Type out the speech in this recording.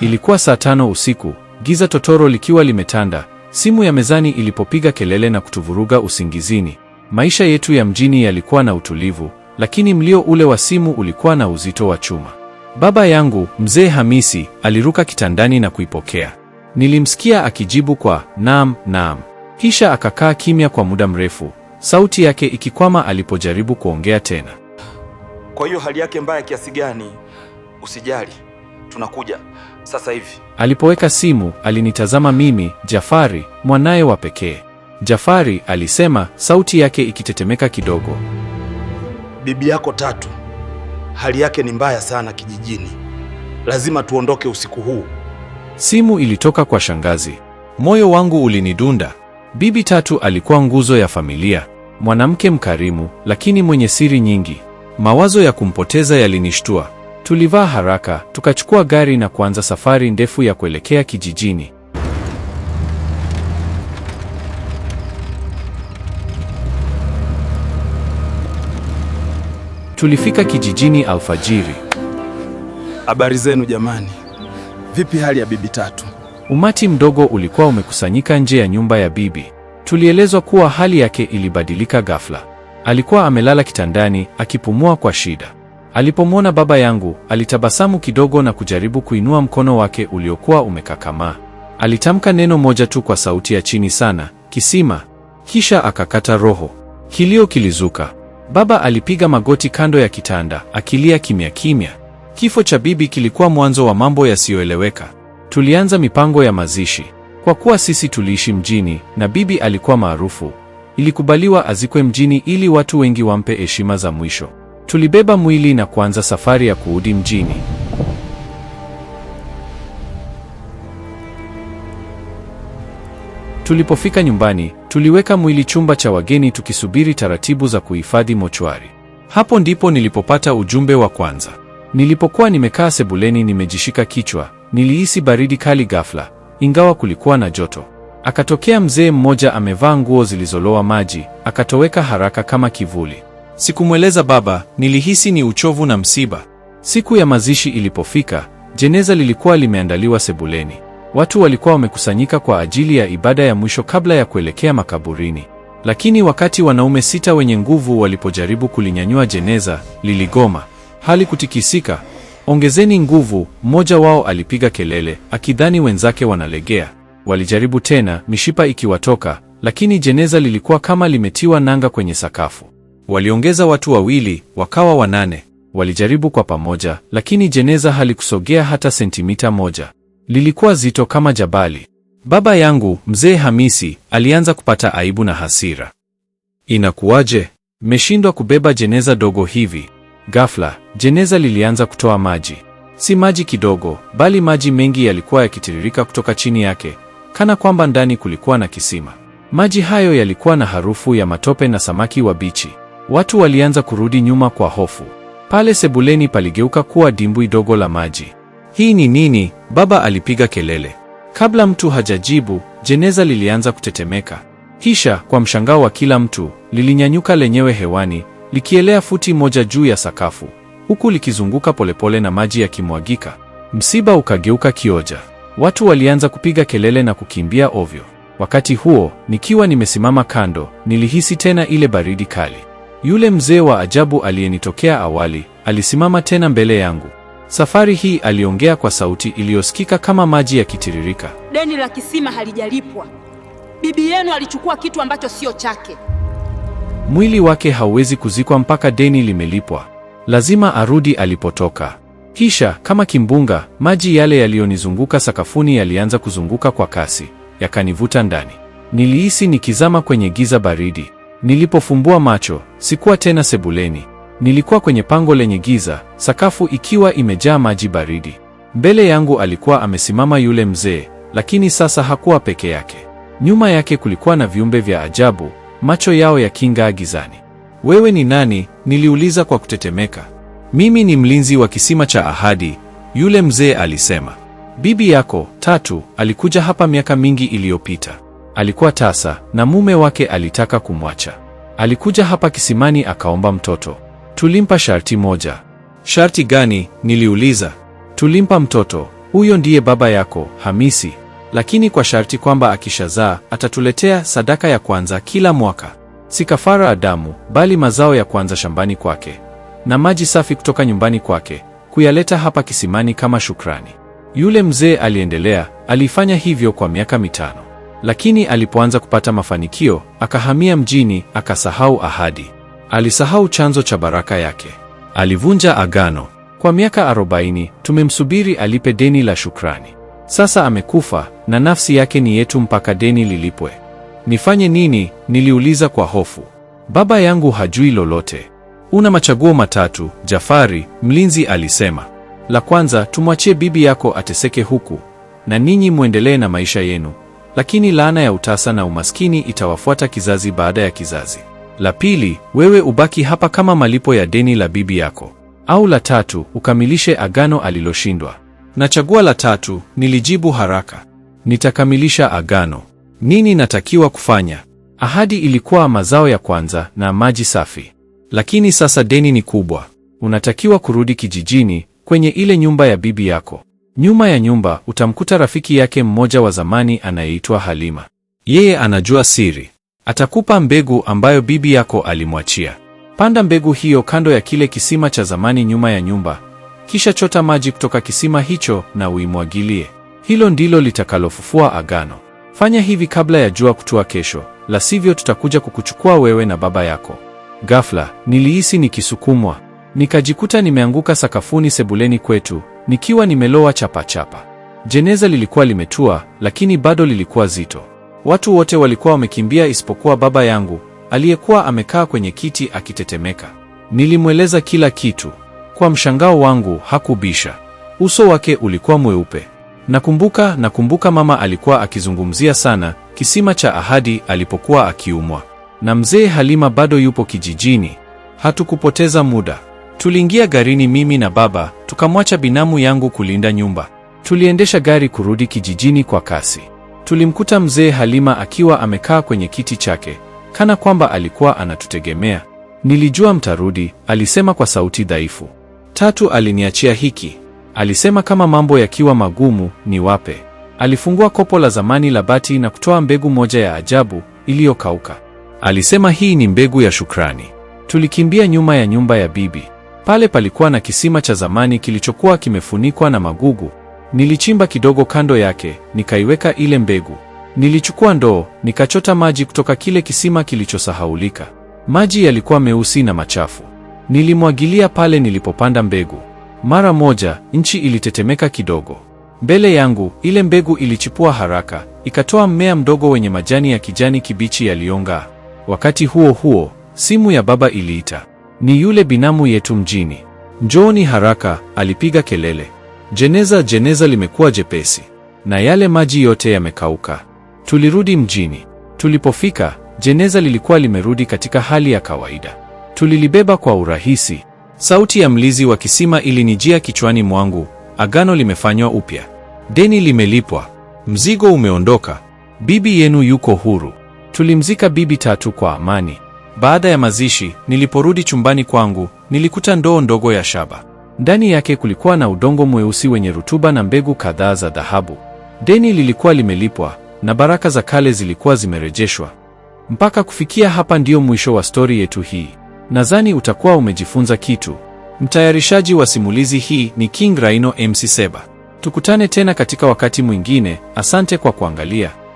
Ilikuwa saa tano usiku, giza totoro likiwa limetanda, simu ya mezani ilipopiga kelele na kutuvuruga usingizini. Maisha yetu ya mjini yalikuwa na utulivu, lakini mlio ule wa simu ulikuwa na uzito wa chuma. Baba yangu mzee Hamisi aliruka kitandani na kuipokea. Nilimsikia akijibu kwa naam, naam, kisha akakaa kimya kwa muda mrefu, sauti yake ikikwama alipojaribu kuongea tena. Kwa hiyo hali yake mbaya kiasi gani? Usijali, tunakuja sasa hivi. Alipoweka simu, alinitazama mimi, Jafari, mwanaye wa pekee. Jafari alisema, sauti yake ikitetemeka kidogo. Bibi yako Tatu, hali yake ni mbaya sana kijijini. Lazima tuondoke usiku huu. Simu ilitoka kwa shangazi. Moyo wangu ulinidunda. Bibi Tatu alikuwa nguzo ya familia, mwanamke mkarimu, lakini mwenye siri nyingi. Mawazo ya kumpoteza yalinishtua. Tulivaa haraka, tukachukua gari na kuanza safari ndefu ya kuelekea kijijini. Tulifika kijijini alfajiri. Habari zenu jamani, vipi hali ya bibi Tatu? Umati mdogo ulikuwa umekusanyika nje ya nyumba ya bibi. Tulielezwa kuwa hali yake ilibadilika ghafla. Alikuwa amelala kitandani akipumua kwa shida. Alipomwona baba yangu, alitabasamu kidogo na kujaribu kuinua mkono wake uliokuwa umekakamaa. Alitamka neno moja tu kwa sauti ya chini sana, kisima, kisha akakata roho. Kilio kilizuka. Baba alipiga magoti kando ya kitanda, akilia kimya kimya. Kifo cha bibi kilikuwa mwanzo wa mambo yasiyoeleweka. Tulianza mipango ya mazishi. Kwa kuwa sisi tuliishi mjini na bibi alikuwa maarufu, ilikubaliwa azikwe mjini ili watu wengi wampe heshima za mwisho. Tulibeba mwili na kuanza safari ya kurudi mjini. Tulipofika nyumbani, tuliweka mwili chumba cha wageni tukisubiri taratibu za kuhifadhi mochwari. Hapo ndipo nilipopata ujumbe wa kwanza. Nilipokuwa nimekaa sebuleni nimejishika kichwa, nilihisi baridi kali ghafla, ingawa kulikuwa na joto. Akatokea mzee mmoja amevaa nguo zilizoloa maji, akatoweka haraka kama kivuli. Sikumweleza baba, nilihisi ni uchovu na msiba. Siku ya mazishi ilipofika, jeneza lilikuwa limeandaliwa sebuleni. Watu walikuwa wamekusanyika kwa ajili ya ibada ya mwisho kabla ya kuelekea makaburini. Lakini wakati wanaume sita wenye nguvu walipojaribu kulinyanyua jeneza, liligoma. Hali kutikisika. Ongezeni nguvu, mmoja wao alipiga kelele, akidhani wenzake wanalegea. Walijaribu tena, mishipa ikiwatoka, lakini jeneza lilikuwa kama limetiwa nanga kwenye sakafu. Waliongeza watu wawili, wakawa wanane. Walijaribu kwa pamoja, lakini jeneza halikusogea hata sentimita moja. Lilikuwa zito kama jabali. Baba yangu mzee Hamisi alianza kupata aibu na hasira. Inakuwaje? meshindwa kubeba jeneza dogo hivi? Ghafla jeneza lilianza kutoa maji, si maji kidogo, bali maji mengi yalikuwa yakitiririka kutoka chini yake, kana kwamba ndani kulikuwa na kisima. Maji hayo yalikuwa na harufu ya matope na samaki wabichi. Watu walianza kurudi nyuma kwa hofu. Pale sebuleni paligeuka kuwa dimbwi dogo la maji. Hii ni nini? Baba alipiga kelele. Kabla mtu hajajibu, jeneza lilianza kutetemeka. Kisha, kwa mshangao wa kila mtu, lilinyanyuka lenyewe hewani, likielea futi moja juu ya sakafu, huku likizunguka polepole na maji yakimwagika. Msiba ukageuka kioja. Watu walianza kupiga kelele na kukimbia ovyo. Wakati huo, nikiwa nimesimama kando, nilihisi tena ile baridi kali. Yule mzee wa ajabu aliyenitokea awali alisimama tena mbele yangu. Safari hii aliongea kwa sauti iliyosikika kama maji yakitiririka. Deni la kisima halijalipwa. Bibi yenu alichukua kitu ambacho sio chake. Mwili wake hauwezi kuzikwa mpaka deni limelipwa. Lazima arudi alipotoka. Kisha kama kimbunga, maji yale yaliyonizunguka sakafuni yalianza kuzunguka kwa kasi, yakanivuta ndani. Nilihisi nikizama kwenye giza baridi. Nilipofumbua macho, sikuwa tena sebuleni. Nilikuwa kwenye pango lenye giza, sakafu ikiwa imejaa maji baridi. Mbele yangu alikuwa amesimama yule mzee, lakini sasa hakuwa peke yake. Nyuma yake kulikuwa na viumbe vya ajabu, macho yao yaking'aa gizani. Wewe ni nani? Niliuliza kwa kutetemeka. Mimi ni mlinzi wa kisima cha ahadi, yule mzee alisema. Bibi yako Tatu alikuja hapa miaka mingi iliyopita. Alikuwa tasa na mume wake alitaka kumwacha. Alikuja hapa kisimani akaomba mtoto, tulimpa sharti moja. Sharti gani? Niliuliza. Tulimpa mtoto, huyo ndiye baba yako Hamisi, lakini kwa sharti kwamba akishazaa atatuletea sadaka ya kwanza kila mwaka, si kafara bali mazao ya kwanza shambani kwake na maji safi kutoka nyumbani kwake, kuyaleta hapa kisimani kama shukrani. Yule mzee aliendelea, alifanya hivyo kwa miaka mitano. Lakini alipoanza kupata mafanikio, akahamia mjini, akasahau ahadi. Alisahau chanzo cha baraka yake. Alivunja agano. Kwa miaka arobaini tumemsubiri alipe deni la shukrani. Sasa amekufa na nafsi yake ni yetu mpaka deni lilipwe. Nifanye nini? Niliuliza kwa hofu. Baba yangu hajui lolote. Una machaguo matatu, Jafari, mlinzi alisema. La kwanza, tumwachie bibi yako ateseke huku na ninyi mwendelee na maisha yenu lakini laana ya utasa na umaskini itawafuata kizazi baada ya kizazi. La pili, wewe ubaki hapa kama malipo ya deni la bibi yako, au la tatu, ukamilishe agano aliloshindwa. Na chagua la tatu, nilijibu haraka. Nitakamilisha agano. Nini natakiwa kufanya? Ahadi ilikuwa mazao ya kwanza na maji safi, lakini sasa deni ni kubwa. Unatakiwa kurudi kijijini kwenye ile nyumba ya bibi yako. Nyuma ya nyumba utamkuta rafiki yake mmoja wa zamani anayeitwa Halima. Yeye anajua siri, atakupa mbegu ambayo bibi yako alimwachia. Panda mbegu hiyo kando ya kile kisima cha zamani nyuma ya nyumba, kisha chota maji kutoka kisima hicho na uimwagilie. Hilo ndilo litakalofufua agano. Fanya hivi kabla ya jua kutua kesho, la sivyo tutakuja kukuchukua wewe na baba yako. Ghafla nilihisi nikisukumwa, nikajikuta nimeanguka sakafuni sebuleni kwetu, nikiwa nimelowa chapachapa. Jeneza lilikuwa limetua, lakini bado lilikuwa zito. Watu wote walikuwa wamekimbia isipokuwa baba yangu aliyekuwa amekaa kwenye kiti akitetemeka. Nilimweleza kila kitu. Kwa mshangao wangu hakubisha. Uso wake ulikuwa mweupe. Nakumbuka, nakumbuka mama alikuwa akizungumzia sana kisima cha ahadi alipokuwa akiumwa. Na mzee Halima bado yupo kijijini. Hatukupoteza muda. Tuliingia garini mimi na baba, tukamwacha binamu yangu kulinda nyumba. Tuliendesha gari kurudi kijijini kwa kasi. Tulimkuta mzee Halima akiwa amekaa kwenye kiti chake kana kwamba alikuwa anatutegemea. Nilijua mtarudi, alisema kwa sauti dhaifu. Tatu aliniachia hiki, alisema kama mambo yakiwa magumu niwape. Alifungua kopo la zamani la bati na kutoa mbegu moja ya ajabu iliyokauka. Alisema hii ni mbegu ya shukrani. Tulikimbia nyuma ya nyumba ya bibi. Pale palikuwa na kisima cha zamani kilichokuwa kimefunikwa na magugu. Nilichimba kidogo kando yake, nikaiweka ile mbegu. Nilichukua ndoo, nikachota maji kutoka kile kisima kilichosahaulika. Maji yalikuwa meusi na machafu. Nilimwagilia pale nilipopanda mbegu. Mara moja, nchi ilitetemeka kidogo. Mbele yangu ile mbegu ilichipua haraka, ikatoa mmea mdogo wenye majani ya kijani kibichi yaliyong'aa. Wakati huo huo, simu ya baba iliita. Ni yule binamu yetu mjini, njooni haraka, alipiga kelele. Jeneza, jeneza limekuwa jepesi na yale maji yote yamekauka. Tulirudi mjini. Tulipofika, jeneza lilikuwa limerudi katika hali ya kawaida. Tulilibeba kwa urahisi. Sauti ya mlizi wa kisima ilinijia kichwani mwangu, agano limefanywa upya, deni limelipwa, mzigo umeondoka, bibi yenu yuko huru. Tulimzika bibi Tatu kwa amani. Baada ya mazishi, niliporudi chumbani kwangu, nilikuta ndoo ndogo ya shaba. Ndani yake kulikuwa na udongo mweusi wenye rutuba na mbegu kadhaa za dhahabu. Deni lilikuwa limelipwa na baraka za kale zilikuwa zimerejeshwa. Mpaka kufikia hapa ndiyo mwisho wa stori yetu hii. Nadhani utakuwa umejifunza kitu. Mtayarishaji wa simulizi hii ni King Rhino MC Seba. Tukutane tena katika wakati mwingine. Asante kwa kuangalia.